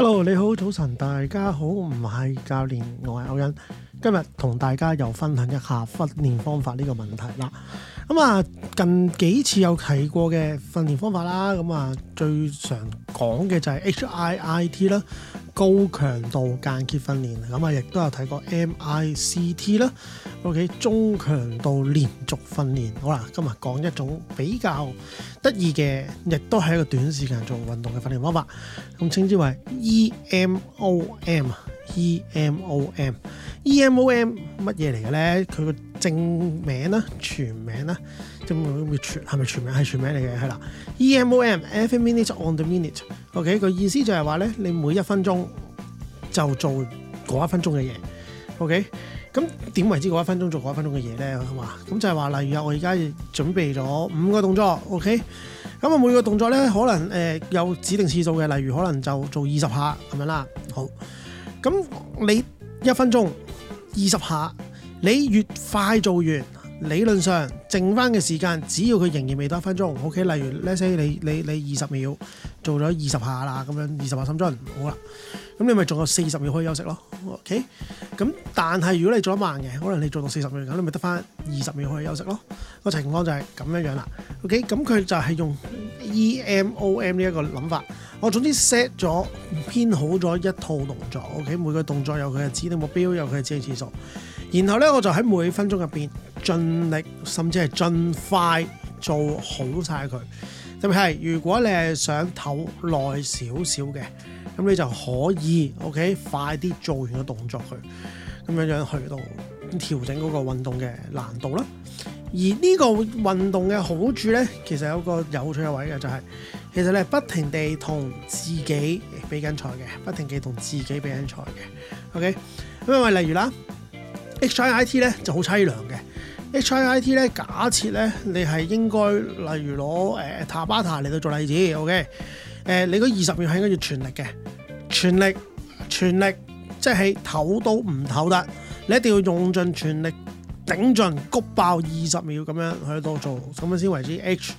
Hello，你好，早晨，大家好，唔係教練，我係歐欣，今日同大家又分享一下訓練方法呢個問題啦。咁、嗯、啊，近幾次有提過嘅訓練方法啦，咁、嗯、啊最常講嘅就係 HIIT 啦。高強度間歇訓練，咁啊亦都有睇過 MICT 啦。OK，中強度連續訓練。好啦，今日講一種比較得意嘅，亦都係一個短時間做運動嘅訓練方法，咁稱之為 EMOM 啊，EMOM。EMOM 乜嘢嚟嘅咧？佢個正名啦、全名啦，即係咪全咪全名係全名嚟嘅？係啦，EMOM every minute on the minute。OK，個意思就係話咧，你每一分鐘就做嗰一分鐘嘅嘢。OK，咁點為之嗰一分鐘做嗰一分鐘嘅嘢咧？好嘛？咁就係話，例如啊，我而家準備咗五個動作。OK，咁啊每個動作咧，可能誒、呃、有指定次數嘅，例如可能就做二十下咁樣啦。好，咁你一分鐘。二十下，你越快做完，理論上剩翻嘅時間，只要佢仍然未多一分鐘，OK。例如，let's say 你你你二十秒做咗二十下啦，咁樣二十下深蹲，好啦，咁你咪仲有四十秒可以休息咯，OK。咁但係如果你做得慢嘅，可能你做到四十秒咁，你咪得翻二十秒可以休息咯。個、okay? 情況就係咁樣樣啦，OK。咁佢就係用，E.M.O.M 呢一個諗法，我總之 set 咗編好咗一套動作，OK，每個動作有佢嘅指定目標，有佢嘅指定次數。然後呢，我就喺每分鐘入邊盡力，甚至係盡快做好晒佢。特別係如果你係想唞耐少少嘅，咁你就可以 OK 快啲做完個動作佢，咁樣樣去到調整嗰個運動嘅難度啦。而呢個運動嘅好處咧，其實有個有趣嘅位嘅就係、是，其實你係不停地同自己比緊賽嘅，不停地同自己比緊賽嘅。OK，咁因為例如啦，HIIT 咧就好凄涼嘅，HIIT 咧假設咧你係應該例如攞誒、呃、塔巴塔嚟到做例子。OK，誒、呃、你嗰二十秒係應該要全力嘅，全力、全力，即係唞都唔唞得，你一定要用盡全力。頂盡谷爆二十秒咁樣去多做，咁樣先為之 H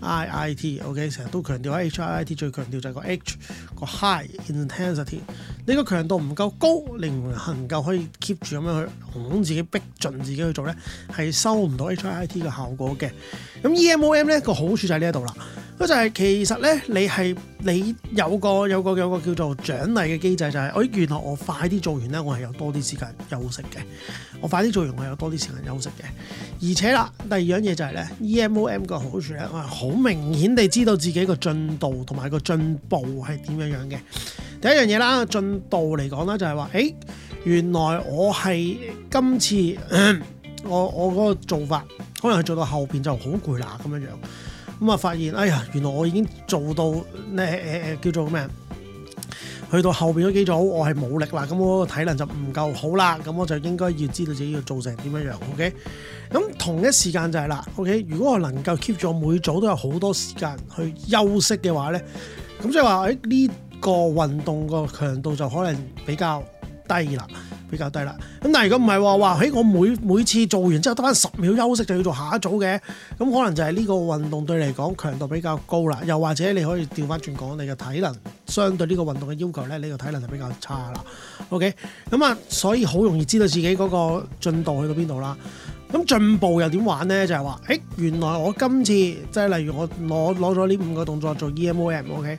I I T。OK，成日都強調 H I I T 最強調就係個 H 個 high intensity。你個強度唔夠高，你唔能夠可以 keep 住咁樣去自己逼盡自己去做呢，係收唔到 H I I T 嘅效果嘅。咁 E M O M 呢個好處就喺呢一度啦。就係其實咧，你係你有個有個有個叫做獎勵嘅機制，就係，就係我原來我快啲做完咧，我係有多啲時間休息嘅。我快啲做完，我有多啲時間休息嘅。而且啦，第二樣嘢就係、係、咧，EMOM 個好處咧，我係好明顯地知道自己個進度同埋個進步係點樣樣嘅。第一樣嘢啦，進度嚟講咧，就係話，誒原來我係今次我我嗰個做法，可能係做到後邊就好攰啦，咁樣樣。咁啊，發現哎呀，原來我已經做到咧誒誒叫做咩？去到後邊嗰幾組，我係冇力啦，咁我個體能就唔夠好啦，咁我就應該要知道自己要做成點樣樣，OK？咁同一時間就係啦，OK？如果我能夠 keep 住我每組都有好多時間去休息嘅話咧，咁即係話誒呢個運動個強度就可能比較低啦，比較低啦。咁但係如果唔係話，話嘿，我每每次做完之後得翻十秒休息就要做下一組嘅，咁、嗯、可能就係呢個運動對你嚟講強度比較高啦。又或者你可以調翻轉講你嘅體能，相對呢個運動嘅要求咧，你個體能就比較差啦。OK，咁、嗯、啊，所以好容易知道自己嗰個進度去到邊度啦。咁、嗯、進步又點玩咧？就係、是、話，誒、欸，原來我今次即係例如我攞攞咗呢五個動作做 EMOM，OK、okay？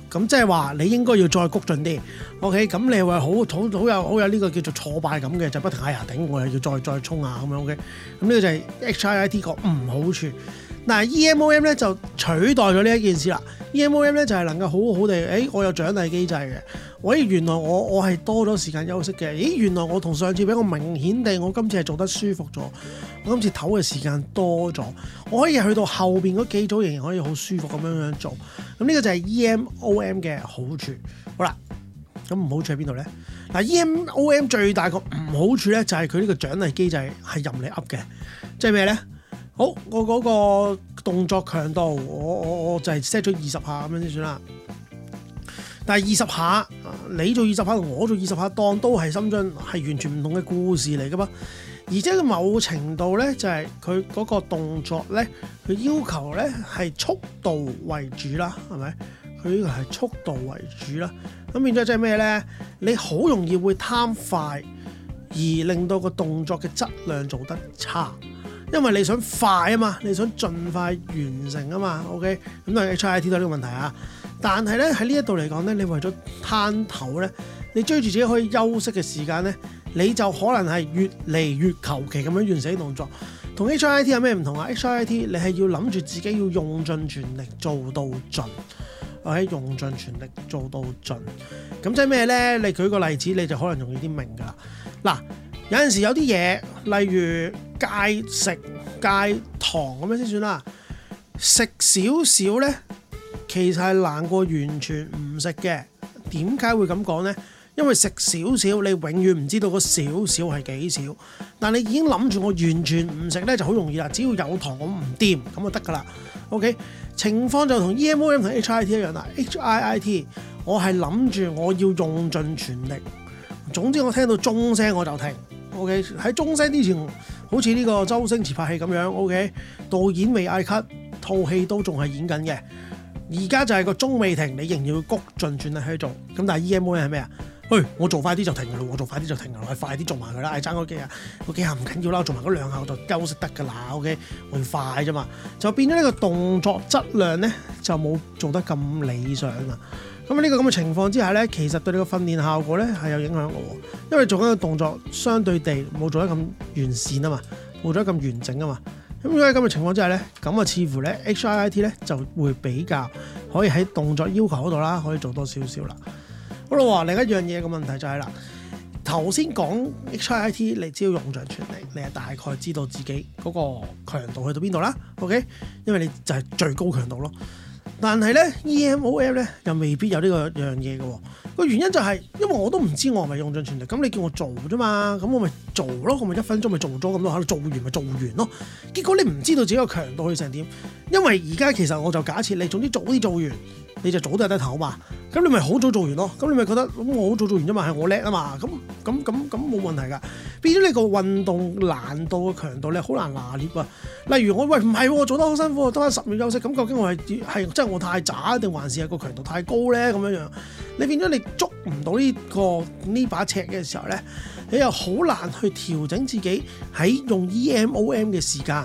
咁即係話，你應該要再谷進啲，OK？咁你會好好好有好有呢個叫做挫敗感嘅，就係、不停喺牙頂，我又要再再衝啊咁樣，OK。咁呢個就係 HIIT 個唔好處。嗱，EMOM 咧就取代咗呢一件事啦。EMOM 咧就係、是、能夠好好地，誒、欸，我有獎勵機制嘅，喂，原來我我係多咗時間休息嘅，咦、欸，原來我同上次比我明顯地，我今次係做得舒服咗，我今次唞嘅時間多咗，我可以去到後邊嗰幾組仍然可以好舒服咁樣樣做，咁呢個就係 EMOM 嘅好處。好啦，咁唔好處喺邊度咧？嗱，EMOM 最大個唔好處咧就係佢呢個獎勵機制係任你噏嘅，即係咩咧？好，我嗰個動作強度，我我我就係 set 咗二十下咁樣先算啦。但係二十下，你做二十下同我做二十下當都係深蹲，係完全唔同嘅故事嚟嘅嘛。而且喺某程度咧，就係佢嗰個動作咧，佢要求咧係速度為主啦，係咪？佢呢個係速度為主啦。咁變咗即係咩咧？你好容易會貪快，而令到個動作嘅質量做得差。因為你想快啊嘛，你想盡快完成啊嘛，OK，咁都係 HIIT 都係呢個問題啊。但係咧喺呢一度嚟講咧，你為咗攤頭咧，你追住自己可以休息嘅時間咧，你就可能係越嚟越求其咁樣完成啲動作。H 同 HIIT 有咩唔同啊？HIIT 你係要諗住自己要用盡全力做到盡，OK，用盡全力做到盡。咁即係咩咧？你舉個例子你就可能容易啲明㗎啦。嗱，有陣時有啲嘢，例如……戒食戒糖咁樣先算啦。食少少呢，其實係難過完全唔食嘅。點解會咁講呢？因為食少少，你永遠唔知道個少少係幾少。但你已經諗住我完全唔食呢，就好容易啦。只要有糖，我唔掂咁就得噶啦。OK，情況就同 EMOM 同 HIIT 一樣啦。HIIT 我係諗住我要用盡全力。總之我聽到鐘聲我就停。OK 喺鐘聲之前。好似呢個周星馳拍戲咁樣，OK，導演未嗌 cut，套戲都仲係演緊嘅。而家就係個鐘未停，你仍然要谷進轉去去做。咁但係 E M O M 係咩啊？喂，我做快啲就停嘅啦，我做快啲就停嘅啦，快啲做埋佢啦，係爭嗰幾下，嗰幾下唔緊要啦，我做埋嗰、欸、兩下我就休息得㗎啦。O K，換快啫嘛，就變咗呢個動作質量咧，就冇做得咁理想啦。咁呢個咁嘅情況之下呢，其實對你個訓練效果呢係有影響嘅，因為做緊嘅動作相對地冇做得咁完善啊嘛，冇做得咁完整啊嘛。咁喺咁嘅情況之下呢，咁啊似乎呢 HIIT 呢就會比較可以喺動作要求嗰度啦，可以做多少少啦。好啦，喎另一樣嘢嘅問題就係啦，頭先講 HIIT 你只要用盡全力，你係大概知道自己嗰個強度去到邊度啦。OK，因為你就係最高強度咯。但係咧 EMOM 咧又未必有呢個樣嘢嘅喎。個原因就係、是、因為我都唔知我係咪用盡全力，咁你叫我做啫嘛，咁我咪做咯，我咪一分鐘咪做咗咁多，喺度做完咪做完咯。結果你唔知道自己個強度係成點，因為而家其實我就假設你，總之早啲做完，你就早啲有得唞嘛。咁你咪好早做完咯，咁你咪覺得咁我好早做完啫嘛，係我叻啊嘛，咁咁咁咁冇問題㗎。變咗你個運動難度嘅強度咧，好難拿捏啊。例如我喂唔係，我做得好辛苦，得返十秒休息，咁究竟我係真係即係我太渣定還是係個強度太高咧咁樣樣？你變咗你捉唔到呢個呢把尺嘅時候咧，你又好難去調整自己喺用 EMOM 嘅時間。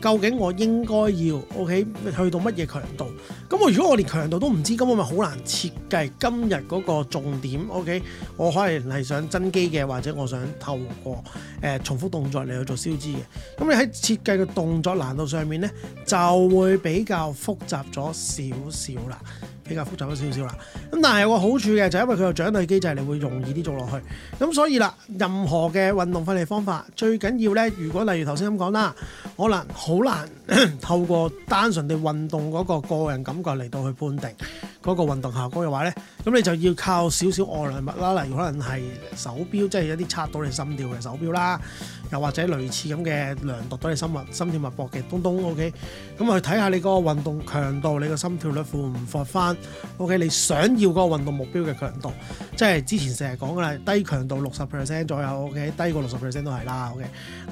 究竟我應該要 OK 去到乜嘢強度？咁我如果我連強度都唔知，咁我咪好難設計今日嗰個重點 OK。我可能係想增肌嘅，或者我想透過誒、呃、重複動作嚟去做消脂嘅。咁你喺設計嘅動作難度上面呢，就會比較複雜咗少少啦。比較複雜咗少少啦，咁但係有個好處嘅就係，因為佢有獎勵機制，你會容易啲做落去，咁所以啦，任何嘅運動訓練方法最緊要咧，如果例如頭先咁講啦，可能好難。透過單純地運動嗰個個人感覺嚟到去判定嗰個運動效果嘅話咧，咁你就要靠少少外來物啦，例如可能係手錶，即係一啲測到你心跳嘅手錶啦，又或者類似咁嘅量度到你心率、心跳脈搏嘅東東。OK，咁去睇下你個運動強度，你個心跳率符唔符翻？OK，你想要個運動目標嘅強度，即係之前成日講噶啦，低強度六十 percent 左右。OK，低過六十 percent 都係啦。OK，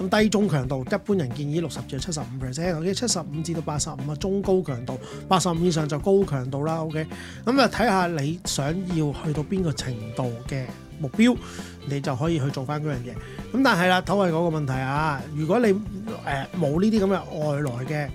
咁低中強度一般人建議六十至七十五 percent。七十五至到八十五啊，85，中高強度，八十五以上就高強度啦。OK，咁啊，睇下你想要去到邊個程度嘅目標，你就可以去做翻嗰樣嘢。咁但係啦，都係嗰個問題啊。如果你誒冇呢啲咁嘅外來嘅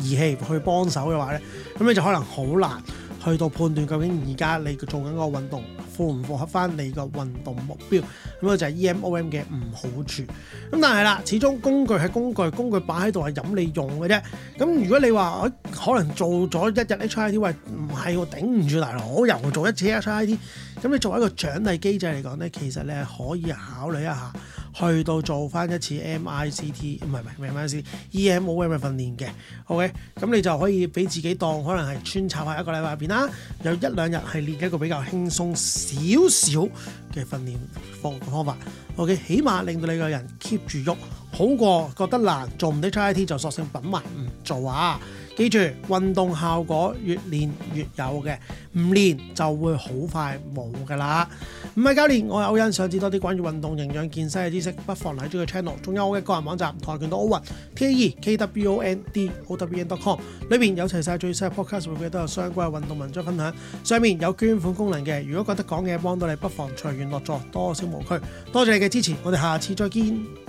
儀器去幫手嘅話咧，咁你就可能好難去到判斷究竟而家你做緊嗰個運動。符唔符合翻你個運動目標咁啊？就係 EMOM 嘅唔好處。咁但係啦，始終工具係工具，工具擺喺度係任你用嘅啫。咁如果你話我可能做咗一日 HIIT，喂，唔係我頂唔住大佬，我又做一次 HIIT。咁你作為一個獎勵機制嚟講咧，其實你可以考慮一下。去到做翻一次 MICT 唔係唔係 MICT EMOM 嘅訓練嘅，OK，咁你就可以俾自己當可能係穿插喺一,一個禮拜入邊啦，有一兩日係練一個比較輕鬆少少。嘅訓練方方法，OK，起碼令到你個人 keep 住喐，好過覺得難做唔到出 IT 就索性品埋唔做啊！記住，運動效果越練越有嘅，唔練就會好快冇㗎啦。唔係教練，我有欣賞至多啲關於運動營養健西嘅知識，不妨嚟咗個 channel，仲有我嘅個人網站跆拳道奧運 T、A、E K W、o、N D O B N dot com，裏邊有齊晒最新嘅 podcast 會記都有相關運動文章分享，上面有捐款功能嘅，如果覺得講嘅幫到你，不妨隨。樂助，多少唔拘，多謝你嘅支持，我哋下次再見。